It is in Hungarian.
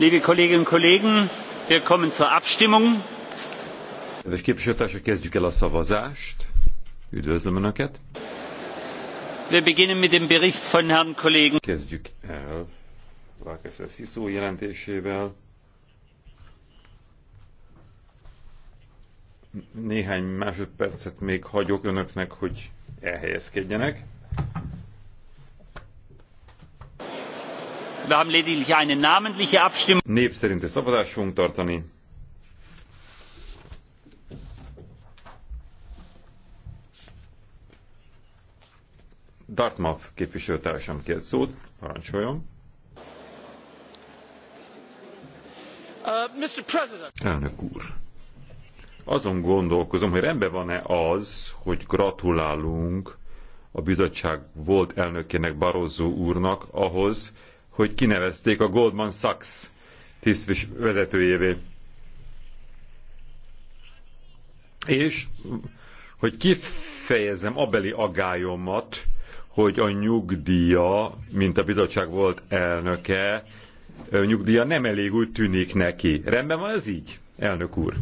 Liebe Kolleginnen und Kollegen, wir kommen zur Abstimmung. Kedves képviselőtársak, kezdjük el a szavazást. Üdvözlöm Önöket. Wir beginnen mit dem Bericht von Herrn Kollegen. Kezdjük el Lákeszer Sziszó jelentésével. Néhány másodpercet még hagyok önöknek, hogy elhelyezkedjenek. Wir haben lediglich eine namentliche Abstimmung. Név szavazást fogunk tartani. Dartmouth képviselőtársam kért szót, parancsoljon. Uh, Mr. President. Elnök úr, azon gondolkozom, hogy rendben van-e az, hogy gratulálunk a bizottság volt elnökének Barozó úrnak ahhoz, hogy kinevezték a Goldman Sachs tisztvis vezetőjévé. És hogy kifejezzem abeli agályomat, hogy a nyugdíja, mint a bizottság volt elnöke, nyugdíja nem elég úgy tűnik neki. Rendben van ez így, elnök úr?